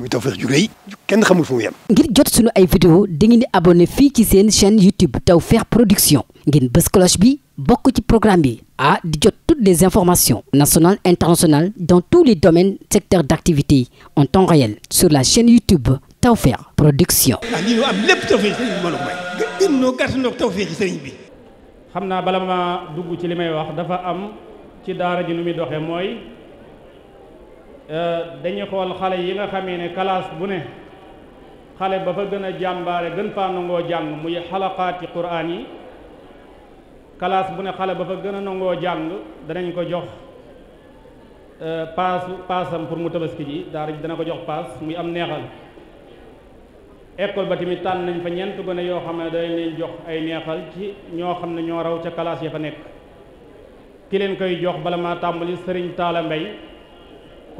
muy Tawfekh ju rëy kenn xamul fu mu yem. ngir jot sunu ay vidéo dangeen di abonné fii ci seen chaîne YouTube Tawfekh Production ngeen bës bi bokk ci programme bi ah di jot toutes les informations nationales internationales dans tous les domaines secteurs d'activité en temps réel sur la chaîne YouTube Tawfekh Production. ah lii ñu am lépp Tawfekh sëriñ bi a bi. xam naa bala ma dugg ci li may wax dafa am ci daara ji nu muy doxee mooy. Euh, dañu xool xale yi nga xamee ne classe bu ne xale ba fa gën a jàmbaare gën faa nangoo jàng muy xalaqaati quraan yi classe bu ne xale ba fa gën a nangoo jàng danañ ko jox euh, paas paasam pour mu tabaski ji daara ji dana ko jox paas muy am neexal école ba tamit tànn nañ fa ñeent gone yoo xam ne dañ leen jox ay neexal ci ñoo xam ne ñoo raw ca classe ya fa nekk ki leen koy jox bala maa tàmbali sëriñ Taala Mbay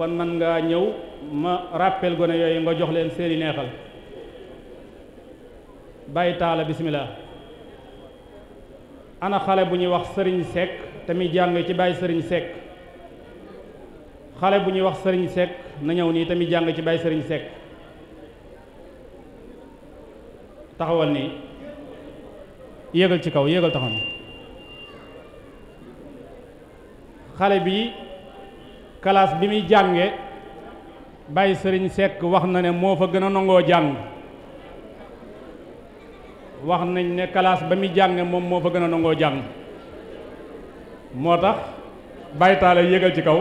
kon man ngaa ñëw ma rappel gone yooyu nga jox leen seeni neexal bàyyi taala bisimilah ana xale bu ñuy wax sëriñ Seck tamit jàng ci bàyyi sëriñ Seck xale bu ñuy wax sëriñ Seck na ñëw nii tamit jàng ci bàyyi sëriñ Seck taxawal nii yéegal ci kaw yéegal taxaw nii xale bi kalaas bi muy jànge bàyyi sëriñ Seck wax na ne moo fa gën a nangoo jàng wax nañ ne kalaas ba muy jànge moom moo fa gën a nangoo jàng moo tax bàyyi taala yégal ci kaw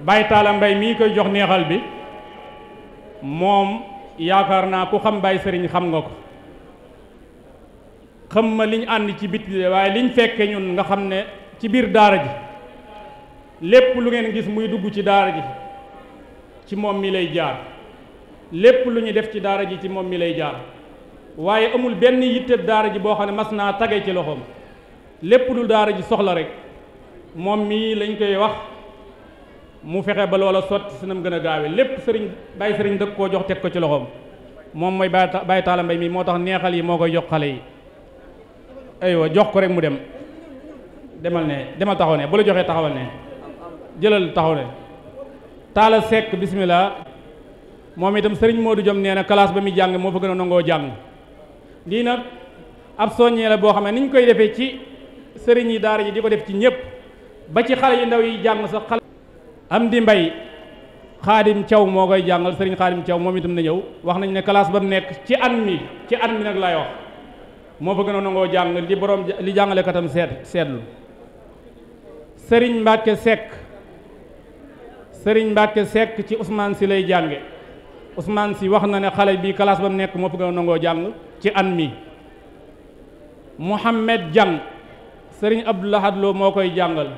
bàyyi taala mbay mii koy jox neexal bi moom yaakaar naa ku xam bàyyi sëriñ xam nga ko xam ma liñ ànd ci biti waaye liñ fekke ñun nga xam ne ci biir daara ji lépp lu ngeen gis muy dugg ci daara ji ci moom mi lay jaar lépp lu ñu def ci daara ji ci moom mi lay jaar waaye amul benn yitte daara ji boo xam ne mas naa tage ci loxoom lépp lu daara ji soxla rek moom mii lañ koy wax mu fexe ba loola sotti sinam gën a gaawe lépp sëriñ bàyyi sëriñ dëkk koo jox teg ko ci loxoom moom mooy bàyyi taala mbay mi moo tax neexal yi moo koy jox xale yi aywa jox ko rek mu dem demal ne demal taxaw ne bu la joxee taxawal ne jëlal taxaw leen taala sekk bismillah moom itam sëriñ moo du Diom nee na classe ba muy jàng moo fa gën a nangoo jàng lii nag ab soññee boo xam ne ni koy defee ci sëriñ yi daara yi di def ci ñëpp ba ci xale yu ndaw yi jàng sax am di mbay xaadim Thiaw moo koy jàngal sëriñ xaadim Thiaw moom itam na ñëw wax nañ ne kalaas ba mu nekk ci an mi ci at mi nag laay wax moo fa gën a nangoo jàng li borom li jàngale katam seet seetlu sëriñ Mbacke Seck sëriñ Mbàkke Sekk ci Ousmane si lay jànge Ousmane si wax na ne xale bii kalaas ba mu nekk moo ëpp gën a jàng ci an mi Mouhamed jàng sëriñ Abdou Lahad moo koy jàngal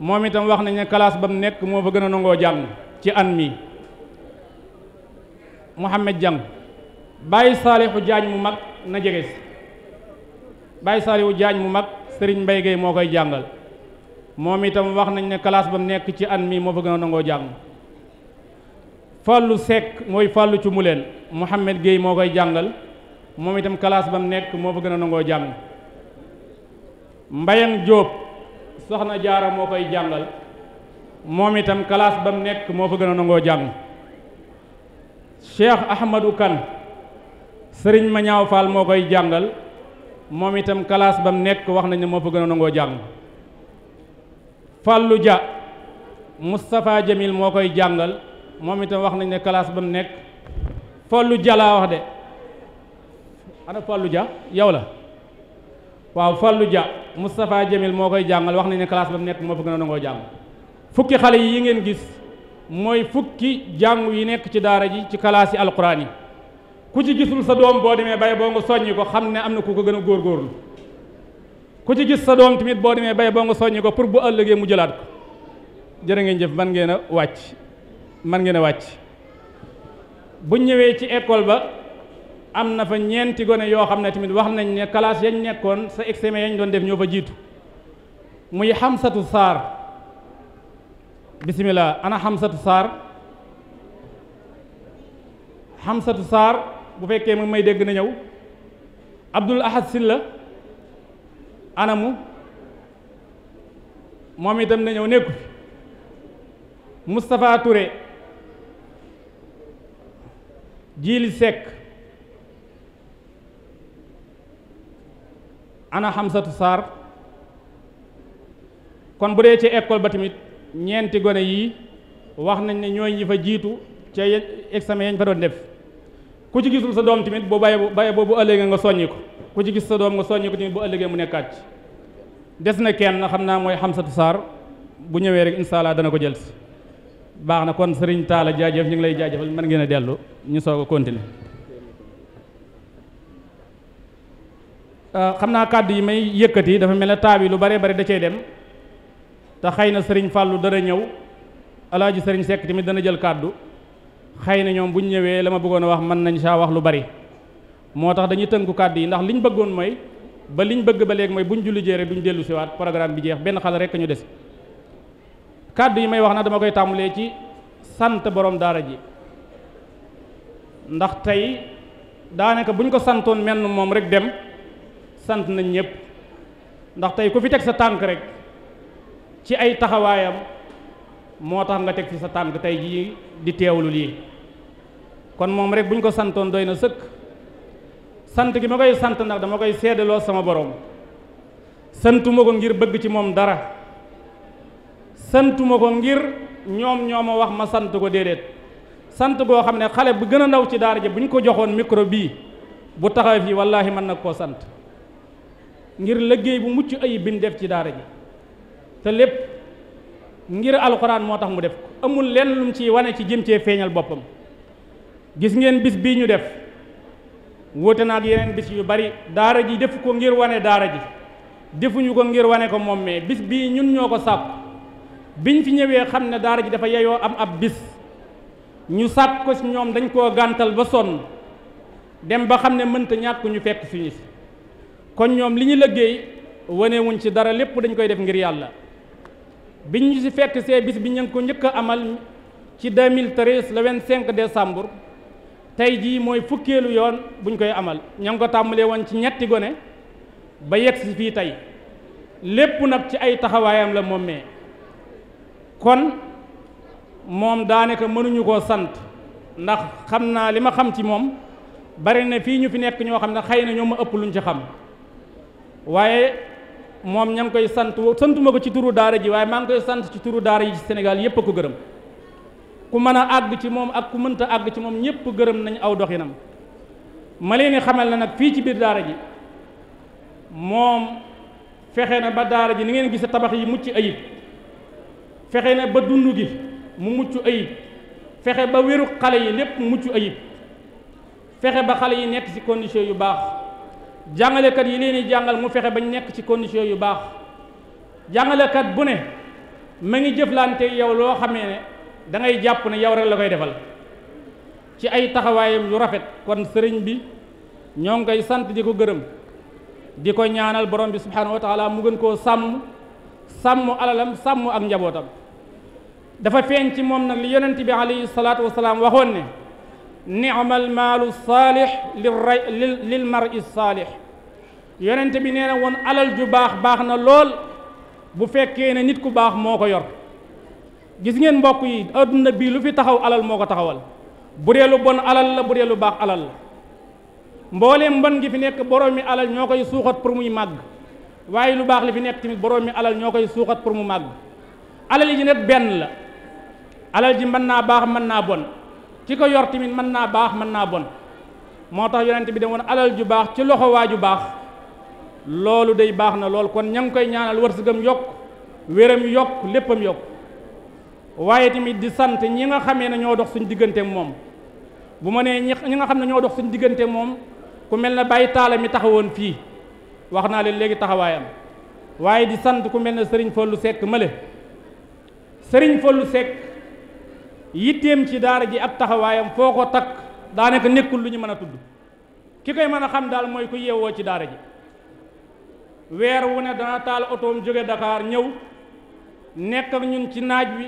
moom itam wax nañ kalaas ba mu nekk moo fa gën a nangoo jàng ci an mi Mouhamed jàng bàyyi Saalixu Jaañ mu mag na jege si bàyyi Saalixu Jaañ mu mag sëriñ Mbay Gay moo koy jàngal moom itam wax nañ ne classe ba mu nekk ci an mii moo fa gën a nangoo jàng Fallou Seck mooy Fallou ci mu leen Mouhamed Gueye moo koy jàngal moom itam classe ba mu nekk moo fa gën a nangoo jàng Mbayang Diop soxna jaara moo koy jàngal moom itam classe ba mu nekk moo fa gën a nangoo jàng Cheikh Ahmadou Kane Serigne Mañaaw Fall moo koy jàngal moom itam classe ba mu nekk wax nañ ne moo fa gën a nangoo jàng Fallou Dia Moustapha Jamil moo koy jàngal moom itam wax nañ ne kalaas ba mu nekk Fallou Dia laa wax de ana Fallou Dia yow la waaw Fallou Dia Moustapha Jamil moo koy jàngal wax nañu ne classe ba mu nekk moo fa gën a nangoo jàng fukki xale yi ngeen gis mooy fukki jàngu yi nekk ci daara ji ci kalaas yi alquran yi ku ci gisul sa doom boo demee bay boo nga soññi ko xam ne am na ku ko gën a góorgóorlu ku ci gis sa doom tamit boo demee bay boo nga soññi ko pour bu ëllëgee mu jëlaat ko jërë ngeen jëf man ngeen a wàcc man ngeen a wàcc bu ñëwee ci ekool ba am na fa ñeenti gone yoo xam ne tamit wax nañ ne classe yañ nekkoon sa examen yañ doon def ñoo fa jiitu muy xamsatu saar bisimilah ana xamsatu saar xamsatu saar bu fekkee mu may dégg na ñëw abdul ahad silla anamu moom itam na ñëw nekku Moustapha Touré Jili Seck ana Hamsatu Sarr kon bu dee ci école ba tamit ñeenti gone yii wax nañ ne ñooy ñi fa jiitu ca examen yañ fa doon def ku ci gisul sa doom tamit boo bàyyi bàyyi boobu ëllëgee nga soññi ko ku ci gis sa doom nga soññi ko tamit bu ëllëgee mu nekkaat ci des na kenn xam naa mooy xam sa Saar bu ñëwee rek incha dana ko jël si baax na kon sëriñ taala jaajëf ñu ngi lay jaajëfal mën ngeen a dellu ñu soog a continuer. Euh, xam naa kàddu yi may yëkkati dafa mel ne taa bi lu bare bare da cay dem te xëy na sëriñ Fallou dana ñëw alaaj sëriñ Seck tamit dana jël kàddu xëy na ñoom bu ñëwee la ma bëggoon a wax mën nañ saa wax lu bari. moo tax dañuy tënku kàdd yi ndax liñ bëggoon mooy ba liñ bëgg ba léegi mooy buñ julli jéere duñ dellu siwaat programme bi jeex benn xal rek ñu dese kàddu yi may wax na dama koy tàmbalee ci sant borom daara ji ndax tey daanaka buñ ko santoon menn moom rek dem sant nañ ñëpp ndax tey ku fi teg sa tànk rek ci ay taxawaayam moo tax nga teg ci sa tànk tey jii di teewlu lii kon moom rek buñ ko santoon doy na sëkk sant gi ma koy sant nag dama koy seedaloo sama borom santuma ko ngir bëgg ci moom dara santuma ko ngir ñoom ñoo ma wax ma sant ko déedéet sant goo xam ne xale bu gën a ndaw ci daara ja bu ñu ko joxoon micro bii bu taxawee fii wallaahi mën na koo sant ngir liggéey bu mucc ayib bin def ci daara ji te lépp ngir alxuraan moo tax mu def ko amul lenn lum ciy wane ci jëm cee feeñal boppam gis ngeen bis bii ñu def wóote na ak yeneen bis yu bari daara ji def ko ngir wane daara ji defuñu ko ngir wane ko moom mais bis bii ñun ñoo ko sàpp biñ fi ñëwee xam ne daara ji dafa yeyoo am ab bis ñu sàpp ko si ñoom dañ koo gàntal ba sonn dem ba xam ne mënta ñàkk ñu fekk suñu si kon ñoom li ñu liggéey wuñ ci dara lépp dañ koy def ngir yàlla biñ ñu si fekk see bis bi ñu ko njëkk amal ci 2013 le 25 décembre tey jii mooy fukkeelu yoon buñ koy amal ña ngi ko tàmbalee woon ci ñetti gone ba yegg fii tey lépp nag ci ay taxawaayam la moom mee kon moom daanaka mënuñu koo sant ndax xam naa li ma xam ci moom bari na fii ñu fi nekk ñoo xam ne xëy na ñoo ma ëpp luñ ci xam waaye moom ña ngi koy sant santuma ko ci turu daara ji waaye maa ngi koy sant ci turu daara yi ci Sénégal yépp a ko gërëm ku mën a àgg ci moom ak ku mënta àgg ci moom ñëpp gërëm nañu aw doxinam ma leen di xamal na nag fii ci biir daara ji moom fexe na ba daara ji ni ngeen gis tabax yi mucc ayib fexe na ba dund gi mu mucc ayib fexe ba wéru xale yi lépp mucc ayib fexe ba xale yi nekk ci condition yu baax jàngalekat yi leen di jàngal mu fexe bañ nekk ci condition yu baax jàngalekat bu ne ma ngi jëflante yow loo xamee ne dangay jàpp ne yow rek la koy defal ci ay taxawaayam yu rafet kon sëriñ bi ñoo ngi koy sant di ko gërëm di ko ñaanal borom bi subhaanahu wa mu gën koo sàmm sàmm alalam sàmm ak njabootam dafa feeñ ci moom nag li yonent bi alayhi salaatu wasalaam waxoon ne ni'mal maalu saalix lil ray lil mari saalix yonent bi nee na woon alal ju baax baax na lool bu fekkee ne nit ku baax moo ko yor gis ngeen mbokk yi adduna bii lu fi taxaw alal moo ko taxawal bu dee lu bon alal la bu dee lu baax alal la mbooleem mbon gi fi nekk boroomi alal ñoo koy suuxat pour muy màgg waaye lu baax li fi nekk tamit boroomi alal ñoo koy suuxat pour mu màgg alal yi nag benn la alal ji mën naa baax mën naa bon ki ko yor tamit mën naa baax mën naa bon moo tax yonent bi dem woon alal ju baax ci loxo waa ju baax loolu dey baax na lool kon ña ngi koy ñaanal wërsëgam yokk wéram yokk léppam yokk waaye tamit di sant ñi nga xamee ne ñoo dox suñ diggante moom bu ma nee ñi nga xam ne ñoo dox suñ diggante moom ku mel na Baye taala mi woon fii wax naa leen léegi taxawaayam waaye di sant ku mel ne Serigne Fallou sekk male Serigne Fallou Seck yitteem ci daara ji ak taxawaayam foo ko takk daanaka nekkul lu ñu mën a tudd ki koy mën a xam daal mooy ku yeewoo ci daara ji weer wu ne dana taal otoom jóge Dakar ñëw nekk ak ñun ci naaj wi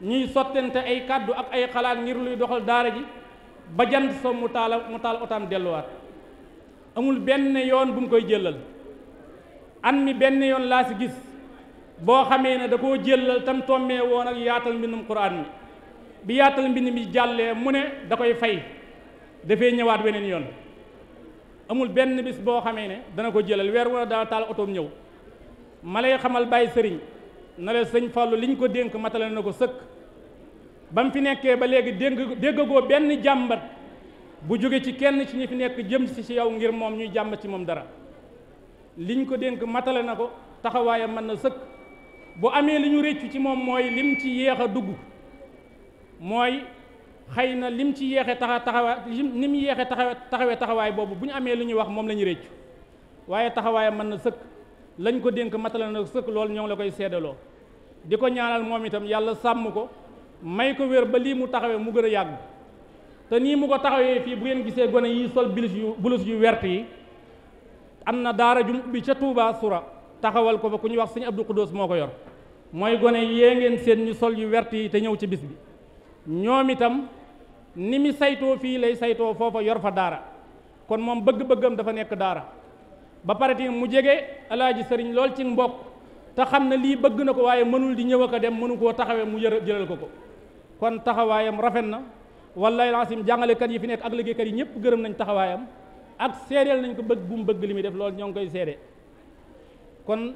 ñuy sottante ay kàddu ak ay xalaat ngir luy doxal daara ji ba jant so mu taala mu taal otaam delluwaat amul benn yoon bu mu koy jëlal an mi benn yoon laa ci gis boo xamee ne da koo jëlal tam tommee woon ak yaatal mbindum quraan mi bi yaatal mbind mi jàllee mu ne da koy fay dafay ñëwaat weneen yoon amul benn bis boo xamee ne dana ko jëlal weer wala daa taal otoom ñëw ma xamal bàyyi sëriñ na sañ sëñ Fallou liñ ko dénk matale na ko sëkk ba mu fi nekkee ba léegi dégg déggagoo benn jàmbat bu jóge ci kenn ci ñi fi nekk jëm si ci yow ngir moom ñuy jàmbat ci moom dara liñ ko dénk matale na ko taxawaayam mën na sëkk bu amee li ñu réccu ci moom mooy lim ci yéex a dugg mooy xëy na li mu ci yéexe taxa taxawa ni mu yéexe taxawe taxawaay boobu bu ñu amee li ñuy wax moom la ñu réccu waaye taxawaayam mën na sëkk lañ ko dénk matal na sëkk loolu ñoo ngi la koy seedaloo di ko ñaanal moom itam yàlla sàmm ko may ko wér ba lii mu taxawee mu gën a yàgg te nii mu ko taxawee fii bu ngeen gisee gone yi sol bulus yu bulus yu wert yi am na daara jum ubbi ca Touba sura taxawal ko fa ku ñuy wax sëñ Abdou Khoudous moo ko yor mooy gone yee ngeen seen ñu sol yu wert yi te ñëw ci bis bi ñoom itam ni mi saytoo fii lay saytoo foofa yor fa daara kon moom bëgg-bëggam dafa nekk daara ba pare tamit mu jege alaaji sëriñ lool ci mbokk te xam na lii bëgg na ko waaye mënul di ñëw ak a dem mënu koo taxawee mu yër jëlal ko ko kon taxawaayam rafet na wallaay laasim kat yi fi nekk ak liggéeykat yi ñëpp gërëm nañ taxawaayam ak seedeel nañ ko bëgg bu bëgg li muy def loolu ñoo ngi koy seede kon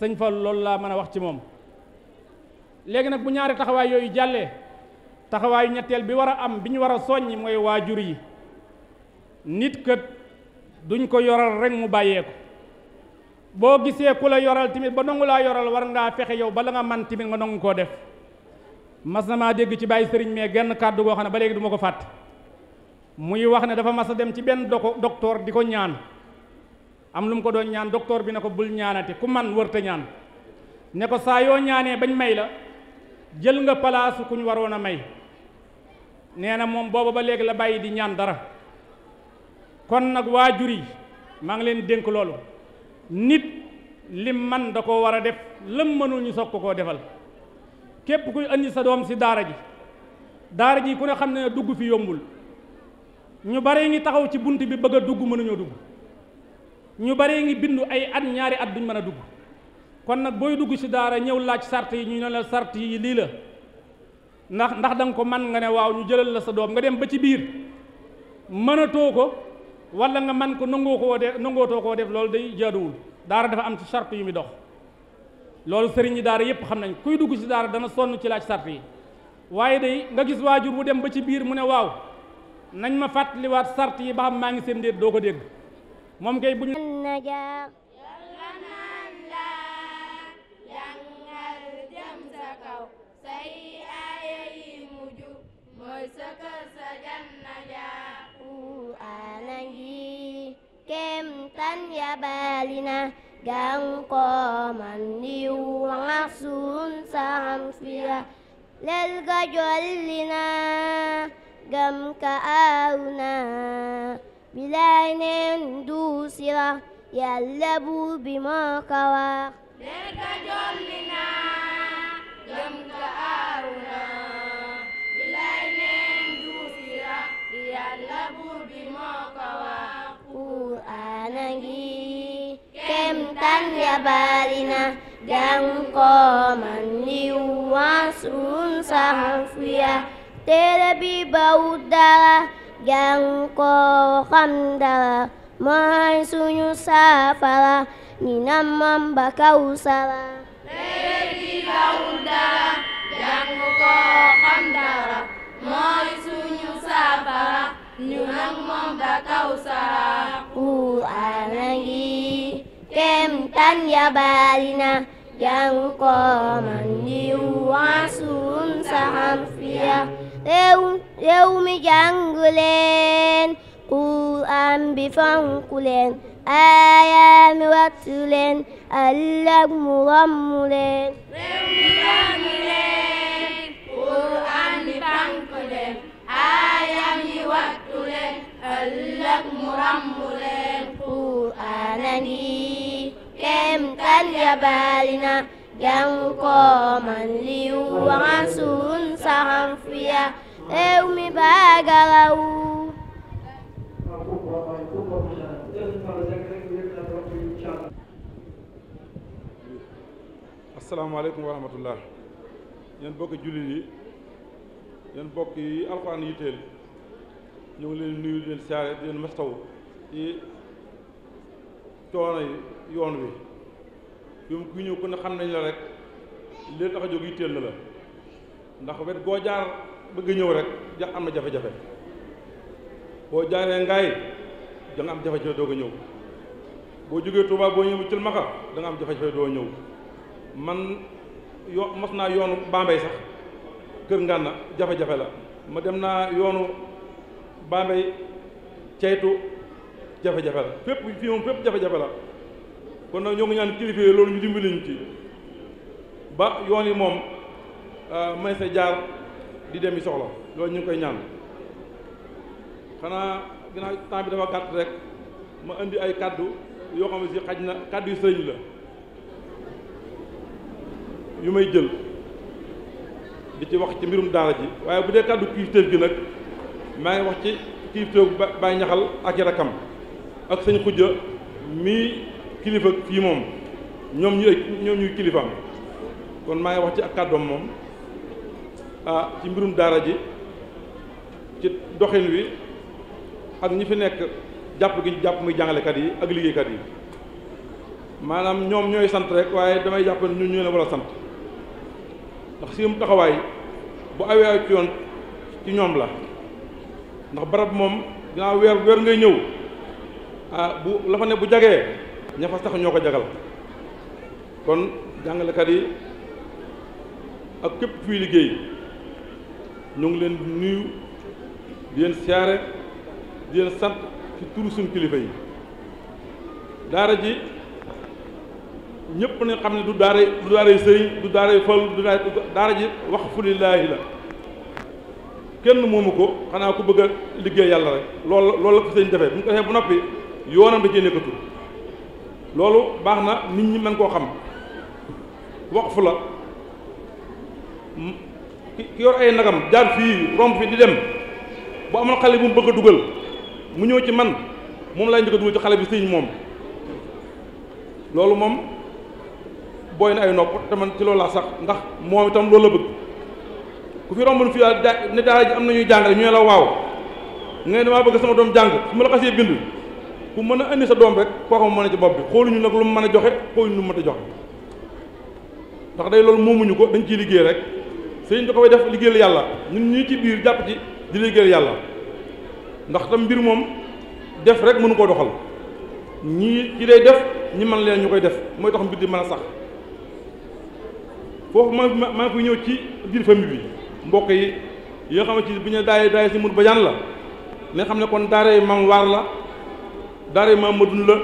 sëñ Fall loolu laa mën a wax ci moom léegi nag bu ñaari taxawaay yooyu jàllee taxawaayu ñetteel bi war a am bi ñu war a soññ mooy waajur yi nit kët duñ ko yoral rek mu bàyyee ko boo gisee ku la yoral tamit ba nangu laa yoral war ngaa fexe yow bala nga man tamit nga nangu koo def mas na maa dégg ci bàyyi sëriñ mais genn kàddu goo xam ne ba léegi duma ko fàtte muy wax ne dafa mas a dem ci benn doko docteur di ko ñaan am lu ko doon ñaan docteur bi ne ko bul ñaanate ku man wërta ñaan ne ko saa yoo ñaanee bañ may la jël nga palaasu kuñ waroon a may nee na moom booba ba léegi la bàyyi di ñaan dara kon nag waajur yi maa ngi leen dénk loolu nit lim man da koo war a def lëm mënul ñu soog ko koo defal képp kuy andi sa doom si daara ji daara ji ku ne xam ne dugg fi yombul ñu bare ngi taxaw ci bunt bi bëgg a dugg mënuñoo dugg ñu bare ngi bindu ay at ñaari at duñ mën a dugg kon nag booy dugg si daara ñëw laaj sart yi ñu ne sart yi lii la ndax ndax danga ko man nga ne waaw ñu jëlal la sa doom nga dem ba ci biir mënatoo ko wala nga man ko nangoo koo def nangootoo koo def loolu day jaaduwul daara dafa am ci sart yu muy dox loolu sëriñ yi daara yépp xam nañ kuy dugg ci daara dana sonn ci laaj sart yi waaye day nga gis waajur bu dem ba ci biir mu ne waaw nañ ma fàttaliwaat sart yi ba xam maa ngi seen déet doo ko dégg moom kay bu ñu mooy sa kër sa janna ja ana ngi jollina gam ka awna bilay nen du yalla bu bi ma kawa lel jollina gam ka awna la buur bi moo ko wax Qur'aana ngi kem tan ya bari na jàng ko man niw wansun sax fu ya téere bi mooy suñu saafara ni nam mam ba kaw ñu nag moom da kaw saa Quraan a ngi tan ya bari na jàng ko man di waasum saxam fiya réew réew mi jàng leen Quraan bi fonk leen aaya mi wattu leen ëllëg mu romb leen réew mi jàng leen Quraan bi fonk leen aayam yi wattu leen ëllëg mu ràmmu leen kem tan ya baalina ko man liw waxan suun saxan fiya mi baagaraw yi yéen bokk yi alxuraan yitteel ñu leen nuyu di leen siyaare di leen mastaw ci coono yi yoon wi yow ku ñëw ku ne xam nañ la rek li tax a jóg yitteel na la ndax wet goo jaar bëgg ñëw rek ja am na jafe-jafe boo jaaree ngay da am jafe-jafe doo ñëw boo jógee Touba boo ñëw cil maxa da am jafe-jafe doo ñëw man yo mos naa yoonu Bambey sax kër ngànna jafe-jafe la ma dem naa yoonu Bambey ceytu jafe-jafe la fépp fii moom fépp jafe-jafe la kon nag ñoo ngi ñaan kilifa loolu ñu dimbali ñu ci ba yoon yi moom ah, may sa jaar di dem yi soxla loolu ñu ngi koy ñaan xanaa ginnaaw temps bi dafa gàtt rek ma indi ay kàddu yoo xam si xaj na kaddu yu sëriñ la yu may jël di ci wax ci mbirum daara ji waaye bu dee kàddu kilifteef gi nag maa ngi wax ci kilifteef Baay Ñaxal ak i ak sëñ xujja mii kilifa fii moom ñoom ñu ay ñuy kilifaam kon maa ngi wax ci ak kàddoom moom ci mbirum daara ji ci doxin wi ak ñi fi nekk jàpp gi jàpp muy jàngalekat yi ak liggéeykat yi maanaam ñoom ñooy sant rek waaye damay jàpp ñu ñu leen war a sant ndax seen taxawaay bu awee ci yoon ci ñoom la ndax barab moom dinaa weer weer ngay ñëw ah bu la bu jagee ña fa sax ñoo ko jagal kon jàngalekat yi ak képp fii liggéey ñu ngi leen nuyu di leen siyaare di leen sant ci turu suñu kilifa yi daara ji ñëpp nañ xam ne du daara du daaray sëriñ du daaray fal du daara ji wax fu lillaahi la kenn moomu ko xanaa ku bëgg a liggéey yàlla rek loolu loolu la ko sëriñ defee bu ñu ko defee bu noppi yoonam da cee nekkatul loolu baax na nit ñi men koo xam wax fu la ki yor ay nagam jaar fii romb fii di dem bu amoon xale bu mu bëgg dugal mu ñëw ci man moom laay njëkk a dugal ci xale bi sëriñ moom loolu moom booy na ay nopp te man ci loolu laa sax ndax moom itam loolu la bëgg ku fi romb fi daal ne daara ji am na ñuy jàngale ñu ne la waaw nga ne damaa bëgg sama doom jàng su ma la xasee bind ku mën a indi sa doom rek koo xam mën a ci bopp bi xooluñu nag lu mu mën a joxe xooluñu nu mu a joxe ndax day loolu moomuñu ko dañ ciy liggéey rek sëñ da ko fay def liggéeyal yàlla ñun ñu ci biir jàpp ci di liggéeyal yàlla ndax tam mbir moom def rek mënu koo doxal ñii ci def ñi mën leen ñu koy def mooy tax mbir di mën a sax foofu ma maa ngi ñëw ci biir famille bi mbokk yi yoo xam ne ci bu ñu daayee daayee si mut ba yan la nga xam ne kon daara yi maam waar la daara yi maam madun la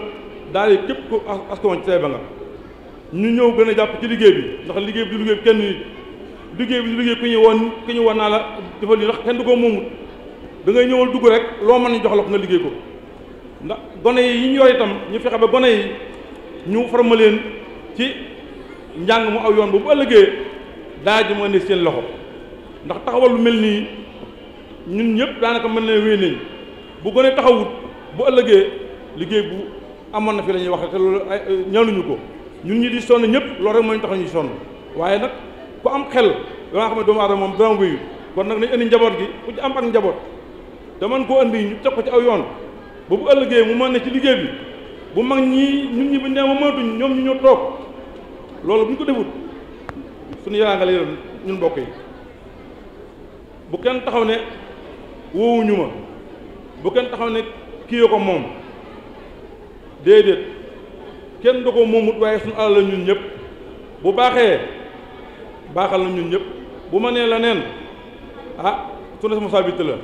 daara yi képp ko askan ci Taïba nga ñu ñëw gën a jàpp ci liggéey bi ndax liggéey bi du liggéey bi kenn nit liggéey bi du liggéey ku ñu woon ku ñu woon naa la defal li ndax kenn du ko moomut da ngay ñëwal dugg rek loo mën ñu jox la ko liggéey ko ndax gone yi ñu yor itam ñu fexe gone yi ñu former leen ci njàng mu aw yoon bu bu ëllëgee daa ji mu indi seen loxo ndax taxawal lu mel nii ñun ñëpp daanaka mën na wéy nañ bu gënee taxawut bu ëllëgee liggéey bu amoon na fi lañuy ñuy wax te loolu ñaanuñu ko ñun ñi di sonn ñëpp loolu rek moo ñu tax ñuy sonn waaye nag ku am xel danga xam ne doomu aadama moom dana wéyu kon nag nañ indi njaboot gi ku ci am ak njaboot te mën koo indi ñu teg ko ci aw yoon ba bu ëllëgee mu mën ne ci liggéey bi bu mag ñii ñun ñi bu ñu demee mënatuñ ñu ñëw loolu buñ ko defut suñu yaraanga lay doon ñun mbokk yi bu kenn taxaw ne woowuñu ma bu kenn taxaw ne kii ko moom déedéet kenn da ko waaye suñu alal la ñun ñëpp bu baaxee baaxal na ñun ñëpp bu ma nee la neen ah suñu responsabilité la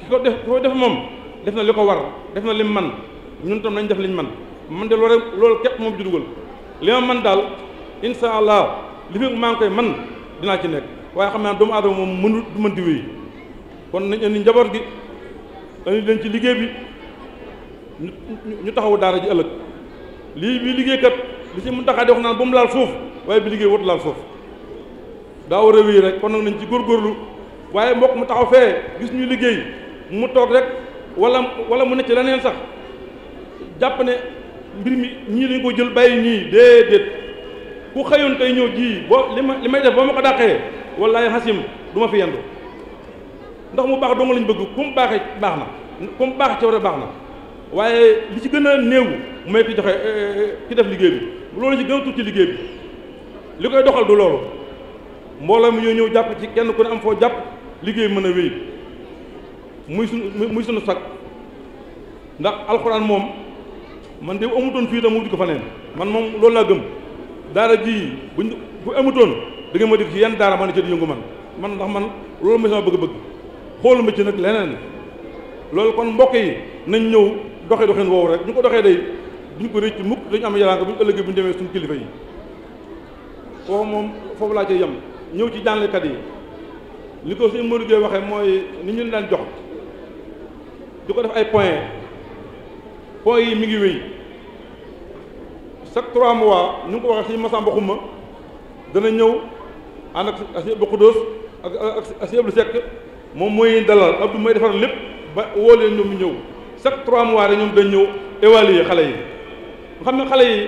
ki ko def ki ko def moom def na li ko war def na lim man ñun tam nañ def liñ man man de loolu rek loolu képp moom ju li ma man daal incha allah li fi koy man dinaa ci nekk waaye xam na doomu aadama moom mënul du mën di wéy kon nañ indi njaboot gi indi leen ci liggéey bi ñu taxaw daara ji ëllëg lii bi liggéey kat li ci mun taxaa di wax naan bu mu laal suuf waaye bi liggéey wut laal suuf daa war a wéy rek kon nag nañ ci góorlu waaye mbokk mu taxaw fee gis ñuy liggéey mu toog rek wala wala mu ne ci leneen sax jàpp ne mbir mi ñii lañ ko jël bàyyi ñii déedéet ku xëyoon tey ñëw jii boo li ma li may def boo ma ko dàqee wallaay xasim du ma fi yendu ndax mu baax dong lañ bëgg ku mu baax na ku mu baax ca baax na waaye li ci gën a néew mooy ki joxe eh, eh, eh, ki def liggéey bi loolu ci gën ci tuuti liggéey bi li koy doxal du loolu mbooloo mi ñoo ñëw jàpp ci kenn ku ne am foo jàpp liggéey mën a wéy muy suñu muy suñu sag ndax alxuraan moom man de amutoon fii tam mu di ko fa neen man moom loolu laa gëm daara jii buñ bu amutoon da nga ma dégg ci yan daara ma ne ci di yëngu man man ndax man loolu mooy sama bëgg-bëgg ma ci nag leneen loolu kon mbokk yi nañ ñëw doxee doxeen woowu rek ñu ko doxee day ñu ko rëcc mukk dañu am yalaanka bu ñu ëllëgee bu ñu demee suñu kilifa yi foofu moom foofu laa ci yem ñëw ci jàngalekat yi li ko suñu Modou Gueye waxee mooy ni ñu daan jox di ko def ay point point yi mi ngi wéy chaque trois mois ñu ngi ko waxee si Massamba Xuma dana ñëw ànd ak Sëñ Abdu Xudoos ak ak Sëñ Abdu Sekk moom mooy dalal Abdou mooy defar lépp ba woo leen ñoom ñëw chaque trois mois rek ñoom dañ ñëw évaluer xale yi nga xam ne xale yi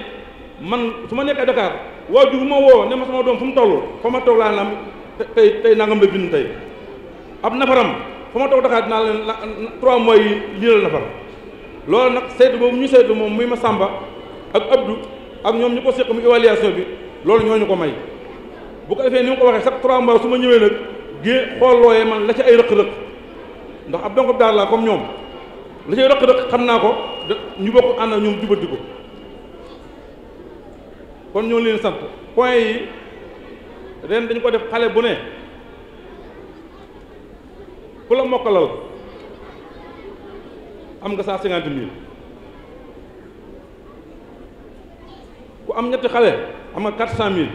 man su ma nekk nekkee Dakar waajur ma woo ne ma sama doom fu mu toll fa ma toog laa nam tey tey nangam la bind tey ab nafaram fa ma toog Dakar dinaa leen trois mois yi lii la nafar loolu nag saytu boobu ñu saytu moom muy Massamba ak Abdou ak ñoom ñu ko seq mu évaluation bi loolu ñoo ñu ko may bu ko defee ni ma ko waxee chaque trois mois su ma ñëwee nag gée xool looyee man la ci ay rëq-rëq ndax ab donkob daal laa comme ñoom la ci rëq-rëq xam naa ko ñu bokk ànd ak ñoom jubati ko kon ñoo leen sant point yi ren dañu ko def xale bu ne ku la mokkalal am nga saa cinquante mille ku am ñetti xale am nga quatre cent mille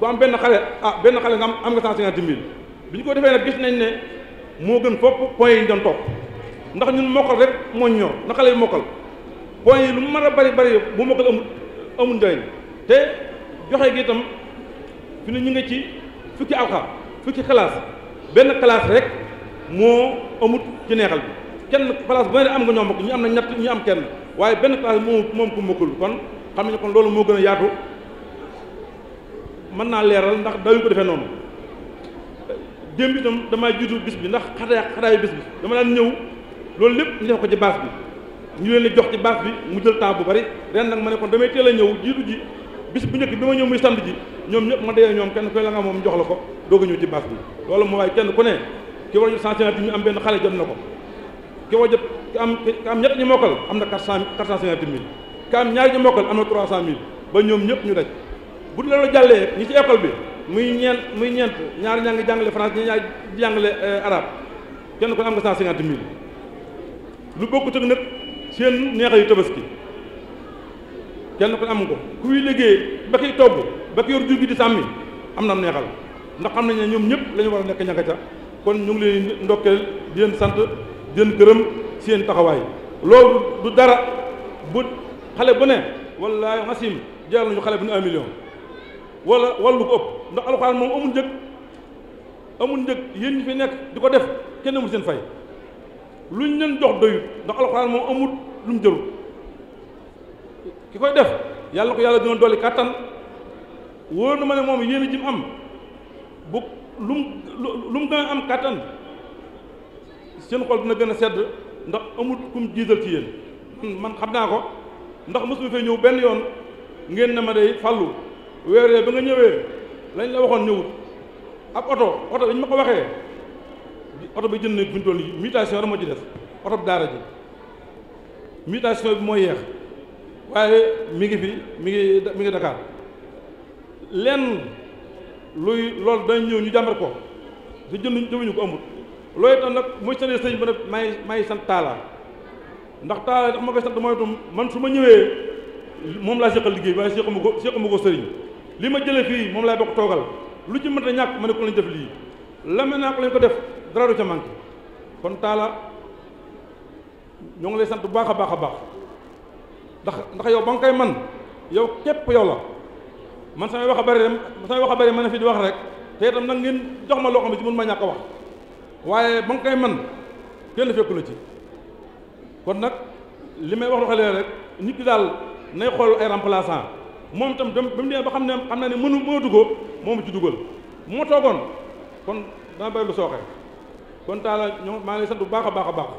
ku am benn xale ah benn xale nga am am nga cent cinquante mille bi ñu ko defee nag bis nañ ne moo gën fopp point yi ñu doon topp ndax ñun mokkal rek moo ñor na xale yi mokkal point yi lu mu mën a bari bari bu mokkal amul amul njëriñ te joxe gi itam fi ne ñu ngi ci fukki awxa fukki classe benn kalaas rek moo amut ci neexal bi kenn place bu ne am nga ñoo mbokk ñu am na ñett ñu am kenn waaye benn place moom moom ku mbokkul kon xam ne kon loolu moo gën a yaatu mën naa leeral ndax daawuñu ko defee noonu démb itam damaa jiitu bis bi ndax xataa xataayu bis bi dama daan ñëw loolu lépp ñu def ko ci baas bi ñu leen di jox ci baas bi mu jël temps bu bari ren nag ma ne kon damay teel ñëw jiitu ji bis bu njëkk bi ma ñëw muy samedi ji ñoom ñëpp ma dayee ñoom kenn koy la nga moom jox la ko doog a ñëw ci baas bi loolu moo waaye kenn ku ne ci war ñu sensibiliser ñu am benn xale jot na ko ki wajab am ñett ñu mokkal am na quatre cent quatre cent cinquante mille ki am ñaari ñu na trois cent mille ba ñoom ñëpp ñu daj bu loolu jàllee ñi ci école bi muy ñeent muy ñeent ñaari ñaa jàngale français ñi ñaari jàngale euh, arabe kenn kon am nga cent cinquante mille lu bokkut ak nag seen neexa yu tabaski kenn kon am ko kuy liggéey ba kiy togg ba ki yor jur gi di sàmmi am na neexal ndax xam nañ ne ñoom ñëpp lañu ñu war a nekk ñanga ca kon ñu ngi leen ndokkeel di leen sant jën leen gërëm seen taxawaay loolu du dara bu xale bu ne wallaahi xasim jaar nañu xale bu ne un million wala wàllu ko ëpp ndax alxuraan moom amul njëg amul njëg yéen ñi fi nekk di ko def kenn amul seen fay luñ leen jox doyut ndax alxuraan moom amul lu mu jërul ki koy def yàlla ko yàlla dina dolli kàttan wóor na ma ne moom yéen a jim am bu lu mu lu gën am kàttan seen xol dina gën a sedd ndax amul kum jiital ci yéen man xam naa ko ndax mosuma fee ñëw benn yoon ngeen ne ma day fàllu weeree ba nga ñëwee lañ la waxoon ñëwut ab oto oto dañ ma ko waxee oto bi jënd fi ñu toll nii mutation rek moo ci des oto bi daara ji mutation bi moo yeex waaye mi ngi fi mi ngi mi ngi Dakar lenn luy loolu dañ ñëw ñu jàmbar ko te jënd jëfuñu ko amut looy tax nag muy sane sëñ bi nag may may sant taala ndax taala ndax ma koy sant mooy itam man su ma ñëwee moom laa séqal liggéey waaye séquma ko séquma ko sëriñ li ma jële fii moom laay bokk toogal lu ci mën a ñàkk ma ne ko lañ def lii la mel naa ko lañ ko def dara du ca manqué kon taala ñoo ngi lay sant bu baax a baax a baax ndax ndax yow ba nga koy man yow képp yow la man samay wax a bëri dem samay wax a bëri ma ne fii di wax rek te itam nag ngeen jox ma loo xam ne ci mun ma ñàkk wax waaye ba nga koy man kenn fekku la ci kon nag li may wax lu xale rek nit ki daal nay xool ay remplaçant moom itam dem ba mu dee ba xam ne xam ne ne mënu moo duggoo moom ci dugal moo toogoon kon dana bari lu sooxe kon taala ñoo maa ngi lay sant bu baax a baax a baax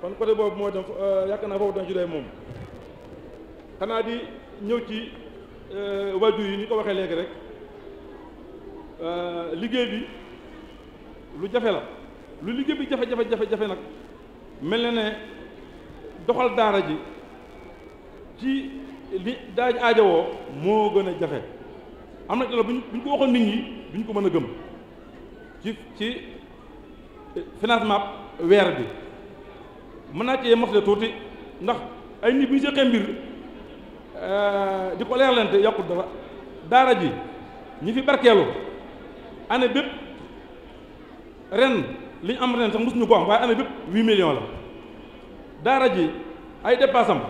kon côté boobu mooy dem euh, yàq naa foofu dama ci doy moom xanaa di ñëw ci euh, waajur yi ni ko waxee léegi rek Euh, liggéey bi lu jafe la lu liggéey bi jafe-jafe jafe-jafe nag mel na ne doxal daara ji ci li daa aajowoo moo gën a jafe am na ci la bu ñu ko waxoon nit ñi duñ ko mën a gëm ci ci financement weer bi mën naa cee tuuti ndax ay nit bu ñu seqee mbir euh, di ko leerlante yokkul dara daara ji ñi fi barkeelu année bépp ren li am ren sax mosuñu ko am waaye année bépp huit millions la daara ji ay dépasse am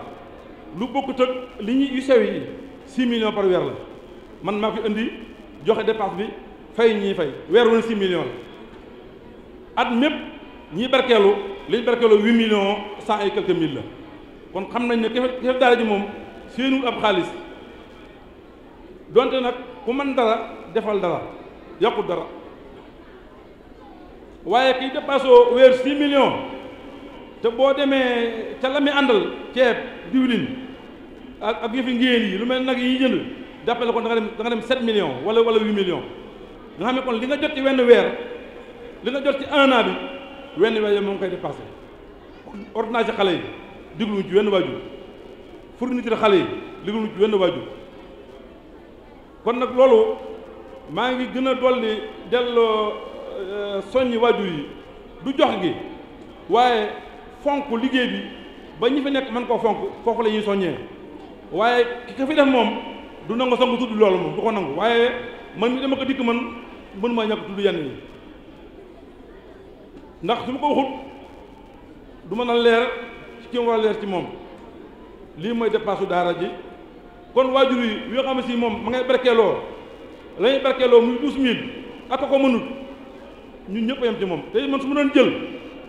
lu bokkut li ñuy yu sew yi six par weer la man maa ko indi joxe dépasse bi fay ñii fay weer woon six millions la at mépp ñii barkeelu li ñu barkeelu huit millions cent et quelques la kon xam nañ ne kefe daara ji moom séenul ab xaalis donte nag ku mën dara defal dara yàqu dara waaye kiy dépassoo weer 6 million te boo demee ca la muy àndal ceeb diwlin ak ak yëfi ngéen yi lu mel nag yi jënd jàppale ko da nga dem da nga dem 7 millions wala wala 8 millions nga xam ne kon li nga jot ci wenn weer li nga jot ci un bi wenn weer yow moo ngi koy dépassé ordonnance xale yi digluñ ci wenn waajur fourniture xale yi digluñ ci wenn waajur kon nag loolu maa ngi gën a dolli delloo euh, soññi waajur yi du jox gi waaye fonk liggéey bi ba ñi fi nekk mën koo fonk foofu la ñuy soññee waaye ki ka fi def moom du nangu sangu tudd loolu moom du ko nangu waaye man mi dama ko dikk man mën maa ñàkk tudd yenn yi ndax su ma ko waxut du mën a leer ci ki war a leer ci moom lii mooy dépassu daara ji kon waajur yi yoo xam ne si moom ma ngay barkeeloo la ñuy barkeeloo muy douze mille ak ko mënut ñun ñëpp a yem ci moom te man su noon jël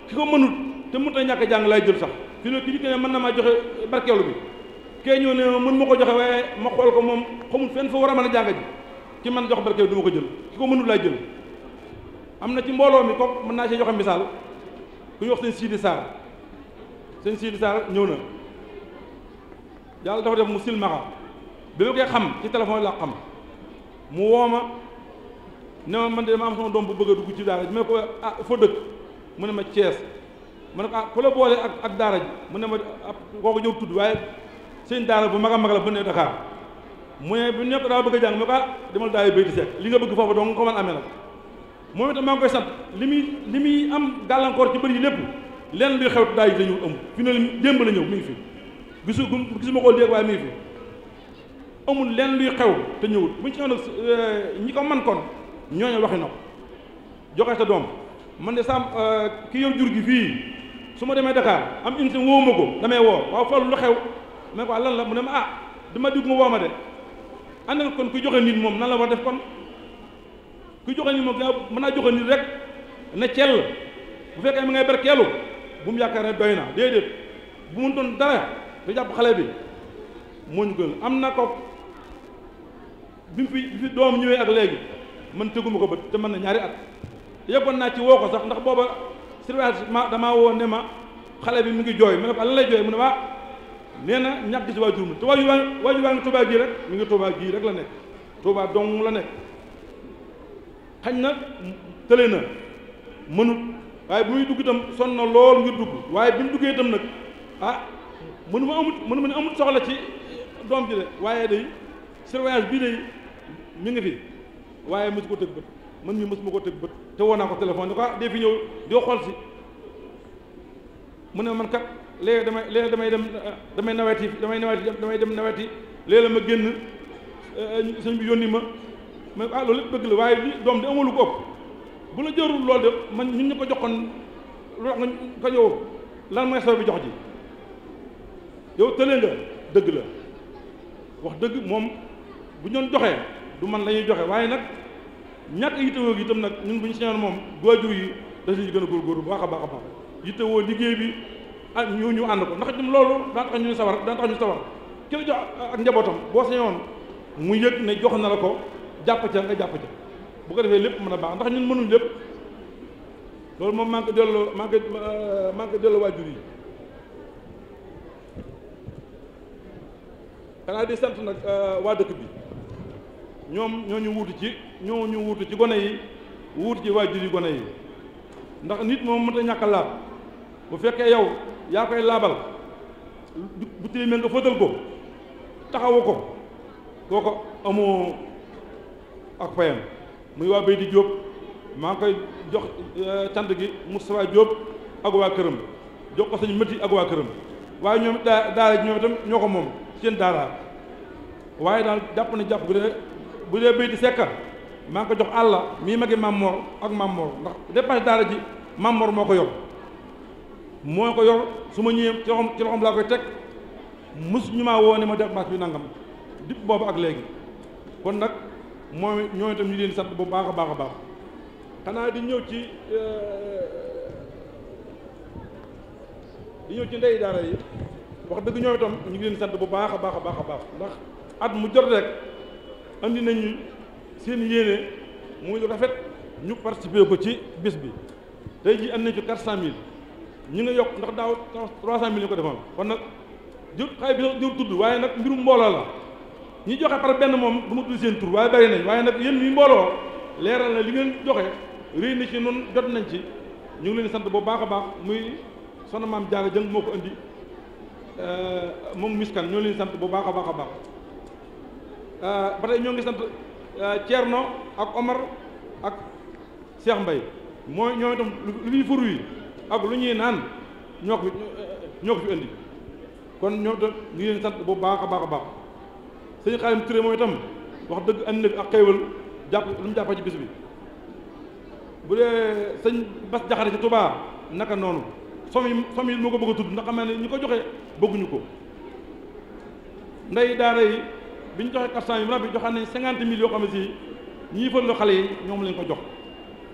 ki ko mënut te mënut a ñàkk jàng laay jël sax fi ne ki ñu ne mën na maa joxe barkeelu bi kee ñëw ne mën ma ko joxe waaye ma xool ko moom xamul fenn fa war a mën a jàng ji ki mën jox barkeelu du ma ko jël ki ko mënut laay jël am na ci mbooloo mi ko mën naa see joxe misaal ku ñuy wax seen Sidi Sarr seen Sidi Sarr ñëw na yàlla dafa def mu silmaxa bi ma xam ci téléphone la xam mu woo ma ne ma man de ma am sama doom bu bëgg a dugg ci daara ji ma ne ko ah foo dëkk mu ne ma Thiès ma ne ko ah ku la boole ak ak daara ji mu ne ma ah, kooku ñëw tudd waaye seen daara bu mag a mag la bu ne Dakar mu ne bu nekk daa bëgg a jàng ma ah, demal daara béy di li nga bëgg foofu donc nga ko mën amee moom itam maa ngi koy sant li muy li muy am gàllankoor ci bëri yi lépp lenn luy xew daay yi dañu ëmb fi ne démb la ñëw mi fi gisu gisuma koo dégg waaye mi fi amul lenn luy xew te ñëwul bu ñu ci ñëw nag euh, ñi ko man kon ñooñu waxi na ko sa doom man de sam euh, kii yor jur gi fii su ma demee Dakar am une semaine woo ma ko damay woo waaw foofu lu xew ah, lan la mu ne ma ah dama dugg nga ma de ànd kon ku joxe nit moom nan la war def kon ku joxe nit moom mën naa joxe nit rek ne cell bu fekkee mi ngay berkeelu bu mu yaakaar ne doy na déedéet bu mu doon dara da jàpp xale bi moo ñu am na ko bi mu doom ñëwee ak léegi man teguma ko bët te mën na ñaari at yëppoon naa ci woo ko sax ndax booba surveillance ma damaa woo ne ma xale bi mu ngi jooy mu ne ko lan lay jooy waa ah nee na ñàkk ci waajuram te waajur waa waajur waa ngi Tuubaa gii rek mi ngi Tuubaa gii rek la nekk Tuubaa dong la nekk xañ na tële na mënut waaye bu muy dugg itam sonn na lool ngir dugg waaye bi mu duggee itam nag ah mënu ma amut mënu ma ne amut soxla ci doom ji de waaye day surveillance bii day mi ngi fi waaye mosu ko tëgg bët man mi ma ko tëgg bët te woo naa ko téléphone ni ko ah dee fi ñëw doo xool si mu ne man kat léegi damay léegi damay dem damay nawet yi damay nawet yi damay dem nawet yi léegi la ma génn eh, sëñ bi yónni ma ma ah loolu lépp bëgg la waaye doom di amalu ko ëpp bu la jërul lool de man ñun ñu ko joxoon lu tax nga ko yow lan may saw bi jox ji yow tëlee nga dëgg la wax dëgg moom bu ñoon joxee du man la ñuy joxe waaye nag ñàkk yittewoo gi itam nag ñun bu ñu seenoon moom waajur yi dañu ñu gën a góorgóorlu bu baax a baax a baax yittewoo liggéey bi ak ñu ñu ànd ko ndax itam loolu daa tax ñu sawar daa tax ñu sawar ki la jox ak njabootam boo seenoon mu yëg ne jox na la ko jàpp ca nga jàpp ca bu ko defee lépp mën a baax ndax ñun mënuñ lépp loolu moom maa ngi ko delloo maa ngi euh, maa ngi ko delloo waajur yi xanaa di sant nag euh, waa dëkk bi ñoom ñoo wuuti ci ñoo ñu ci gone yi wuutu ci waa yi gone yi ndax nit moom mënta ñàkk a bu fekkee yow yaa koy laabal bu téemee nga fëtal ko taxawu ko kooko amoo ak payam muy waa Béy di maa koy jox eh, cant gi Moustapha Jóob ak waa këram jox ko sañ métti ak waa këram waaye ñoom daa daara ji ñoom ñoo ko moom seen daara waaye daal jàpp na jàpp gu ne bu dee béy di sekka maa ngi ko jox àlla mii magi mammoor ak mammoor ndax dépense daara ji mammoor moo ko yor moo ko yor su ma ñëwee ci loxom ci loxom laa koy teg mus ñu maa woo ne ma dépense bi nangam dip boobu ak léegi kon nag mooy ñoo itam ñu leen sant bu baax baax a baax xanaa di ñëw ci euh, di ci ndey daara yi wax dëgg ñoo ñu ngi leen sant bu baax a baax a baax a baax ndax at mu jot rek andi nañ seen yéene muy lu rafet ñu participer ko ci bis bi tey jii andi nañ ci quatre cent mille ñu ngi yokk ndax daaw trois cent mille ñu ko defoon kon nag jur xay bi jur tudd waaye nag mbirum mbooloo la ñi joxe par benn moom du ma tudd seen tur waaye bari nañ waaye nag yéen ñi mbooloo leeral na li ngeen joxe réy na ci noonu jot nañ ci ñu ngi leen sant bu baax a baax muy sonu maam jaaga jëng moo ko indi euh, moom miskan ñoo leen sant bu baax a baax a baax Euh, ba tey ñoo ngi sant euh, Thierno ak Omar ak Cheikh mbay mooy ñoom itam lu ñuy furu yi ak lu ñuy naan ñoo ko ñoo fi indi kon ñoom itam ñu ngi sant bu baax a baax a baax sëñ Xaalim Touré moom itam wax dëgg andi na ak xéewal jàpp lu mu jàppee ci bis bi bu dee sëñ Bas Jaxate ci Touba naka noonu som yi som yi moo ko bëgg tudd ndax xam ne ñu ko joxe bëgguñu ko ndey daara yi bi ñu joxee quatre cent mille rabbi joxaat nañ cinquante mille yoo xam ne si ñii fële xale yi ñoom lañ ko jox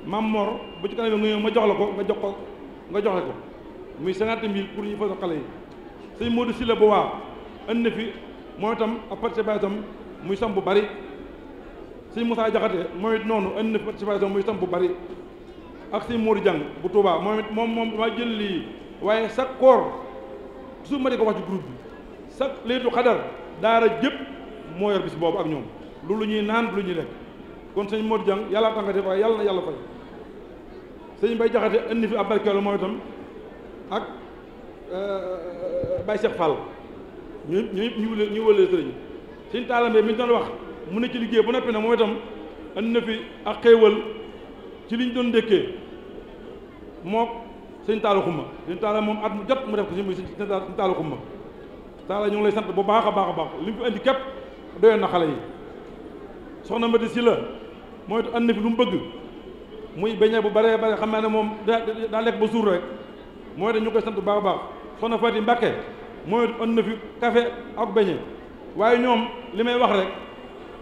maam Mor bu ci kanam nga ñëw ma jox la ko nga jox ko nga joxe ko muy cinquante mille pour ñi fële xale yi sëñ Modou Sylla bu waa indi fi mooy itam ak participation muy sam bu bari sëñ Moussa Diakhaté mooy it noonu indi na fi participation muy sam bu bari ak sëñ Modou Diang bu Touba moom it moom moom maa jël lii waaye chaque koor toujours ma di ko wax ci groupe bi chaque leetu xadar daara jëpp moo yor bis boobu ak ñoom lu lu ñuy naan lu ñuy lekk kon sëñ Modou Dieng yàlla tax nga yàlla na yàlla fay sëñ Bay Jaxate indi fi ab barkeelu moom itam ak euh, euh, Bay Cheikh Fall ñu ñu ñu ñu wëlee sëriñ sëñ taalambe mi ñu doon wax mu ne ci liggéey bu noppi nag moom itam na fi ak xéewal ci liñ doon ndékkee mook sëñ taala xumma sëñ taala moom at mu jot mu def ko si muy sëñ taala taala ñu lay sant bu baax a baax baax li mu fi indi képp doyoon na xale yi soxna Mati si la mooy fi lu mu bëgg muy beñe bu bare bare xam naa ne moom daa daa lekk ba suur rek mooy dañu koy sant bu baax a baax soxna Fati Mbàkke mooy ànd na fi café ak beñe waaye ñoom li may wax rek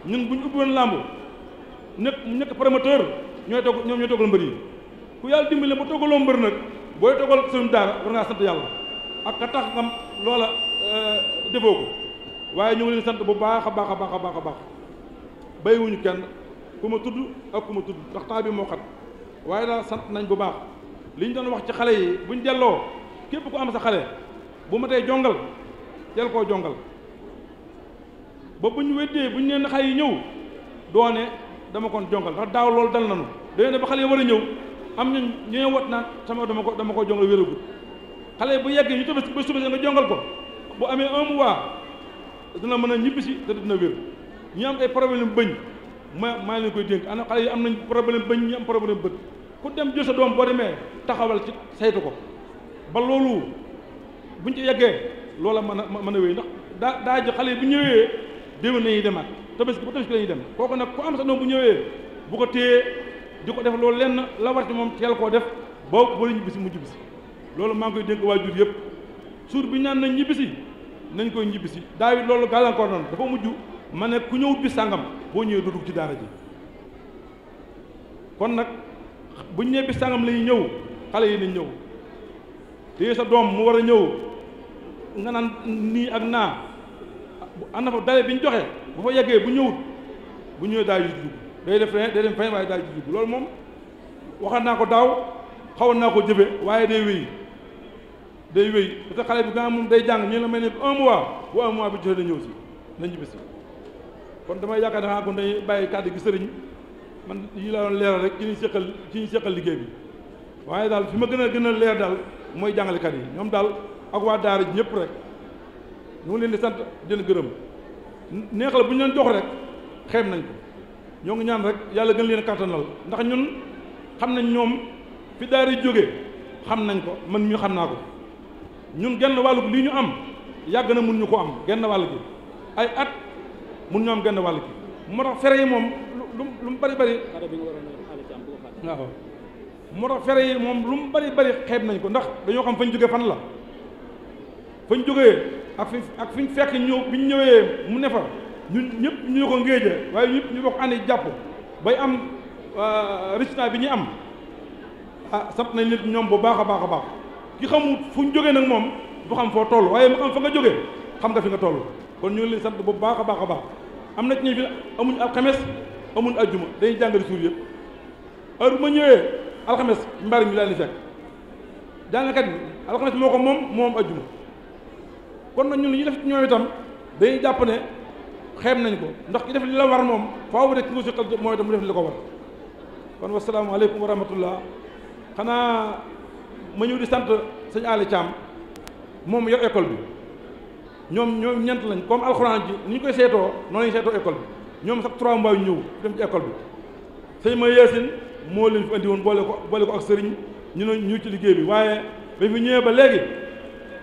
ñun bu ñu ubbi woon làmb nekk nekk promoteur ñooy togg ñoom ñooy toggal mbër yi ku yàlla dimbali ba toggaloo mbër nag booy toggal seen daara war ngaa sant yàlla ak ka tax nga loola euh, defoo ko waaye ñu ngi leen sant bu baax a baax a baax a baax a baax bàyyiwuñu kenn ku ma tudd ku ma tudd ndax taa bi moo xat waaye daal sant nañ bu baax li ñu doon wax ci xale yi buñ delloo képp ku am sa xale bu ma jongal jël koo jongal ba buñ weddee buñ nee na xale yi ñëw doone dama kon jongal ndax daaw loolu dal nañu dañu ne ba xale yi war a ñëw am ñu ñëw wat naan ko dama ko jongal wéragut xale bu yeggee ñu tëbës ba suba nga jongal ko bu amee un mois dana mën a ñibbisi te dina wér ñi am ay problème bëñ ma maa leen koy dénk ana xale yi am nañ problème bëñ ñi am problème bët ku dem jël sa doom boo demee taxawal ci saytu ko ba loolu buñ ci yeggee loola mën a mën a wéy ndax daa daa ji xale yi bu ñëwee déwén nañuy demaat tabaski ba tabaski la ñuy dem kooku nag ku am sa doom bu ñëwee bu ko téyee di ko def loolu lenn la war ci moom teel koo def boo boo la ñibbisi mu ñibbisi loolu maa ngi koy dénk waajur yëpp suur bi ñaan nañ ñibbisi nañ koy ñibbisi si daaw loolu gàllankoor noon dafa mujj ma ne ku ñëwut bi sàngam boo ñëwee du dugg ci daara ji kon nag bu ñëwee bi sàngam la ñëw xale yi nañ ñëw te sa doom mu war a ñëw nga naan nii ak naa am na fa dale bi ñu joxe bu fa yeggee bu ñëwut bu ñëwee daal di dugg day def ren day dem feneen waaye daal di dugg loolu moom waxaat naa ko daaw xawoon naa ko jëfe waaye day wéy day wéy parce que xale bi gaa moom day jàng ñu la may ne un mois bu un mois bi joxe na ñëw si na ñibbi si kon damay yaakaar ne xanaa kon dañuy bàyyi kàddu gi sëriñ man yi laa doon leeral rek ci ñuy seqal ci ñuy seqal liggéey bi waaye daal fi ma gën a gën a leer daal mooy jàngalekat yi ñoom daal ak waa daara ji ñëpp rek ñu leen di sant di leen gërëm neexal bu ñu leen jox rek xeeb nañ ko ñoo ngi ñaan rek yàlla gën leen kattanal ndax ñun xam nañ ñoom fi daara jógee xam nañ ko man ñu xam naa ko ñun genn wàllug lii ñu am yàgg na mun ñu ko am genn wàll gi ay at mun ñu am genn wàll gi moo tax fere yi moom lu lu mu bari bari waaw moo tax fere yi moom lu mu bari bari xeeb nañ ko ndax dañoo xam fañ jógee fan la fañ jógee ak fi ak fiñ fekk ñëw biñ ñëwee mu ne fa ñun ñëpp ñu ko ngéeje waaye ñëpp ñu bokk ànd jàpp bay am euh, résultat bi ñu am ah sant nañ nit ñoom bu baax a baax a baax ki xamut fu ñu jógee nag moom du xam foo toll waaye mu xam fa nga jógee xam nga fi nga toll kon ñu ngi leen sant bu baax a baax a baax am na ci ñu fi amuñ alxames amuñ ajjuma dañuy jàngali suur yëpp heure ma ñëwee alxames mbaar mi laa ni fekk jàngalekat bi alxames moo ko moom moom ajjuma kon nag ñun li ñu def ci ñoom tam dañuy jàpp ne xeeb nañ ko ndax ki def li la war moom faaw rek ki nga si xel mooy itam mu def li ko war kon wasalaamaaleykum wa rahmatullah ma ñëw di sant sëñ Aly Thiam moom yor école bi ñoom ñoom ñent lañ comme alxuraan ji ni koy seetoo noonu lañu seetoo école bi ñoom sax trois mois yu ñëw dem ci école bi sëñ ma Yacine moo leen fi andi woon boole ko boole ko ak sëriñ ñu ne ñu ci liggéey bi waaye ba fi ñëwee ba léegi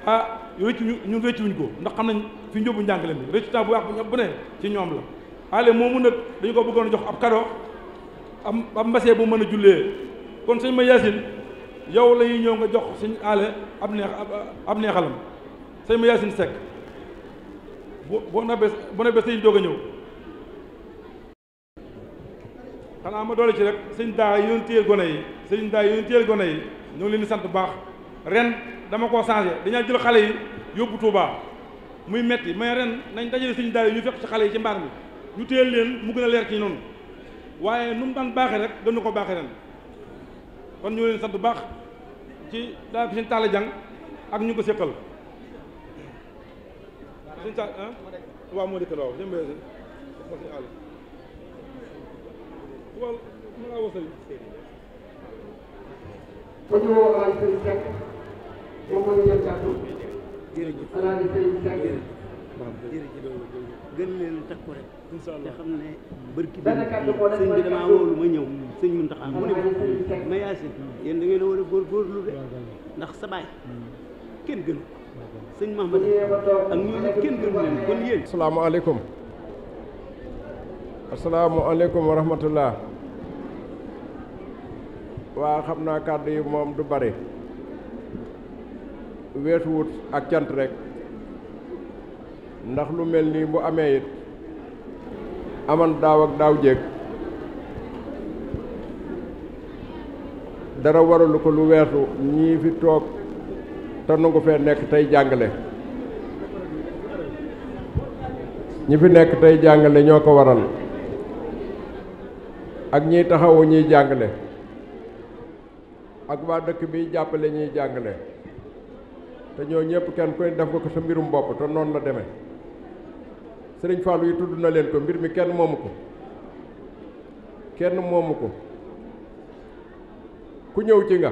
ah rëccu ñu ñun rëccuwuñ ko ndax xam nañ fi njóbu njàngale mi rëccu temps bu wax bu ne ci ñoom la ale moomu nag dañu ko bëggoon jox ab kado am ab mbasee bu mën a jullee kon sëñ ma yow la ñëw nga jox suñu àll ab neex ab neexalam sëñ ma Yaasin Seck bu bu nabee bu nabee sëñ doog a ñëw xanaa ma doole ci rek sëñ daa yéen téyel gone yi sëñ daa yéen téyel gone yi ñoo leen di sant bu baax ren dama ko changé dañaa jël xale yi yóbbu Touba muy metti mais ren nañ dajale sëñ daa yi ñu fekk ci xale yi ci mbaar mi ñu téyel leen mu gën a leer ci noonu waaye nu mu daan baaxee rek gën na ko baaxee ren kon ñu leen sant bu baax ci daal seen taala jàng ñu ko séqal seen taal ah? waaw moo ko ñu woo alaaj sëriñ ñu jël kàddu alaaj incha allah te xam ne barki bi sëñ bi damaa wóolu ma ñëw sëñ Muntaxa mu ne ma yaasin yéen da ngeen a war a góorgóorlu de ndax sa baay kenn gënu sëñ Mahmad ak ñooñu kenn gënu leen kon yéen. asalaamaaleykum asalaamaaleykum wa rahmatullah waa xam naa kàddu yi moom du bari weesuwut ak cant rek ndax lu mel nii bu amee it. aman daawak daaw jéeg dara waralu ko lu weesu ñii fi toog te nangu fe nekk tey jàngale ñi fi nekk tey jàngale ñoo ko waral ak ñii taxawu ñiy jàngale ak waa dëkk bi jàppale ñiy jàngale te ñoo ñëpp kenn koy def nga ko sa mbirum bopp te noonu la deme sëriñ Fallou yi tudd na leen ko mbir mi kenn moomu ko kenn moomu ko ku ñëw ci nga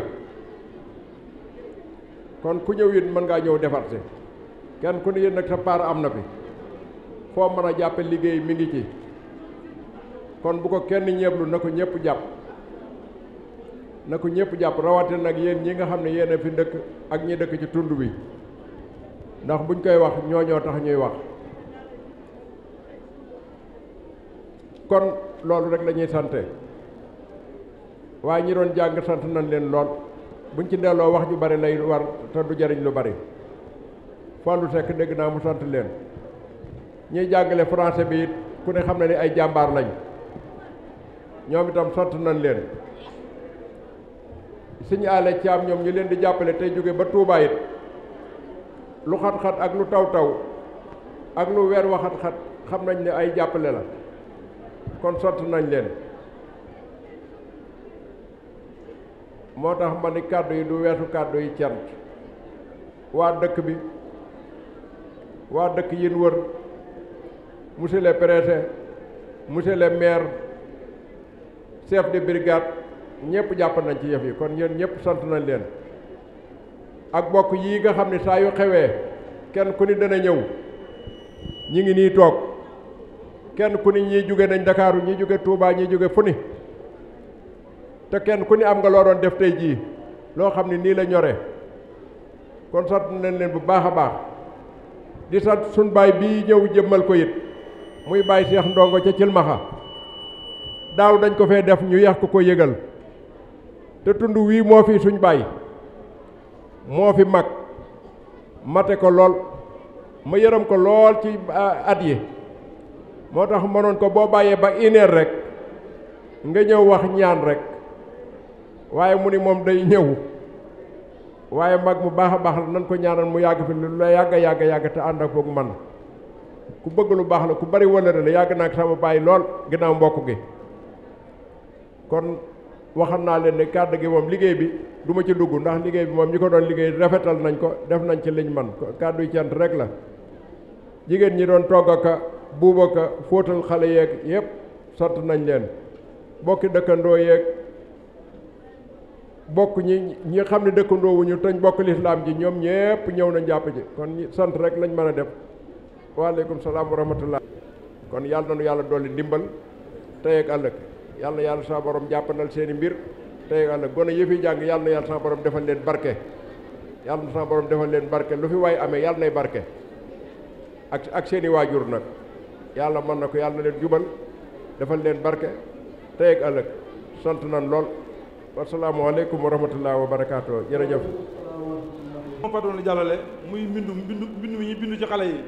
kon ku ñëw it mën ngaa ñëw defarte kenn ku ne yéen nag am na fi foo mën a jàppe liggéey mi ngi ci kon bu ko kenn ñeeblu na ko ñëpp jàpp na ko ñëpp jàpp rawatina nag yéen ñi nga xam ne yéen fi dëkk ak ñii dëkk ci tund bi ndax buñ koy wax ñoo ñoo tax ñuy wax kon loolu rek la ñuy sante waa ñi doon jàng sant nañ leen lool buñ ci delloo wax ju bari lay war te du jariñ lu bari Fallou Seck dégg naa mu sant leen ñuy jàngale français bi it ku ne xam na ni ay jàmbaar lañ ñoom itam sant nañ leen suñu àlle ci am ñoom ñu leen di jàppale tey jóge ba Touba lu xat-xat ak lu taw-taw ak lu weer waxat-xat xam nañ ne ay jàppale la kon sant nañ leen moo tax ma ni kàddu yi du weesu kàddu yi cant waa dëkk bi waa dëkk yin wër monsieur le préfet monsieur le maire chef de brigade ñëpp jàpp nañ ci yëf yi kon yéen ñëpp sant nañ leen ak bokk yii nga xam ne saa yu xewee kenn ku ni dana ñëw ñi ngi nii toog kenn ku ni ñii jóge nañ Ndakaaru ñii jóge Touba ñii jóge fu ni te kenn ku ni am nga loo doon def tey jii loo xam ne nii la ñore kon sant nañ leen bu baax a baax di sant baay bi ñëw jëmmal ko it muy baay Seex Ndongo ca Cilmaxa daaw dañ ko fee def ñu yeex ko ko yëgal te tund wii moo fi suñ baay moo fi mag mate ko lool ma yërëm ko lool ci at yi moo tax mënoon ko boo bàyyee ba une heure rek nga ñëw wax ñaan rek waaye mu ni moom day ñëw waaye mag mu baax a baax la nan ko ñaanal mu yàgg fi lu la yàgga yàgga yàgg te ànd ak foog man ku bëgg lu baax la ku bari wëllëre la yàgg naa ak sama bàyyi lool ginaaw mbokk gi kon waxal naa leen ne kàddu gi moom liggéey bi du ma ci dugg ndax liggéey bi moom ñi ko doon liggéey rafetal nañ ko def nañ ci liñ man kàddu yi rek la jigéen ñi doon togg ak buubaka fóotal xale yeeg yëpp sant nañ leen bokki dëkkandoo yeeg bokk ñi ñi xam ne dëkkandoo wuñu tañ bokk lislaam ji ñoom ñëpp ñëw nañ jàpp ji kon sant rek lañ mën a def waaleykum salaam wa rahmatullah kon yàlla nanu yàlla dolli ndimbal tey ak ëllëg yàlla yàlla saa borom jàppandal seen i mbir tey ak ëllëg gone yëf yi yàlla na yàlla saa defal leen barke yàlla na saa borom defal leen barke lu fi waay amee yàlla nay barke ak ak seen i nag yàlla man na ko yàlla na leen jubal defal leen barke tey ak ëllëg nan lool wasalaamaaleykum wa rahmatulah wa barakaatu jërëjëf. moom fa doon jàllale muy mbindu mbindu mbindu mi bindu ci xale yi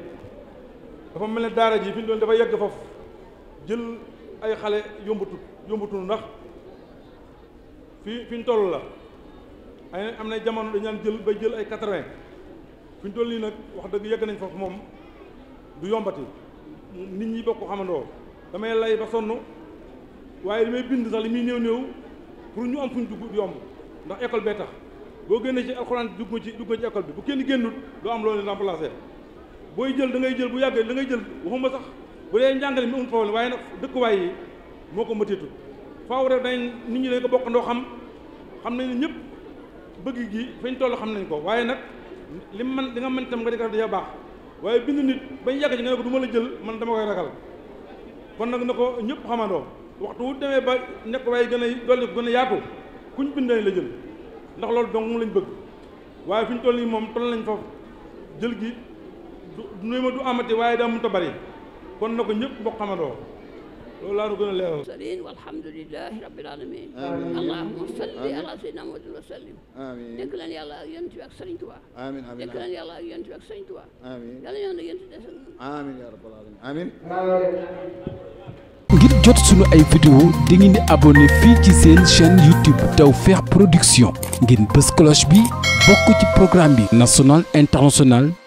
dafa mel ne daara ji fi ñu doon dafa yegg foofu jël ay xale yombatu yombatu ndax fi fi ñu toll la ay am na jamono dañu daan jël bay jël ay quatre-vingts fi ñu toll nii nag wax dëgg yegg nañ foofu moom du yombati. nit ñi bokk xamandoo damay lay ba sonn waaye li may bind sax li muy néew néew pour ñu am fuñ dugg yomb ndax école bee tax boo génnee ci alxuraan dugg nga ci dugg nga ci bi bu kenn génnul doo am loolu remplacé booy jël dangay jël bu yàggee da ngay jël waxuma sax bu dee njàngale mi amul problème waaye nag dëkkuwaay yi moo ko mëteetul faaw rek dañ nit ñi dañ ko bokk ndoo xam xam nañ ne ñëpp bëgg gi fañ toll xam nañ ko waaye nag li man di nga mën tam nga di ko def baax waaye bind nit bañ yàgg ci nga ko du ma la jël man dama koy ragal kon nag na ko ñëpp xamandoo waxtu wu demee ba nekk waaye gën a dolli gën a yaatu kuñ bindee la jël ndax loolu dong lañ bëgg waaye fi ñu toll nii moom toll nañ foofu jël gi du nuy ma du amati waaye daa mënut a bari kon na ko ñëpp bokk xamandoo loolu laa nu gën a leeral ngir jot sunu ay vidéo di ngeen di fii ci seen chaîne YouTube Tawfekh Production ngeen bës cloche bi bokk ci programme bi national international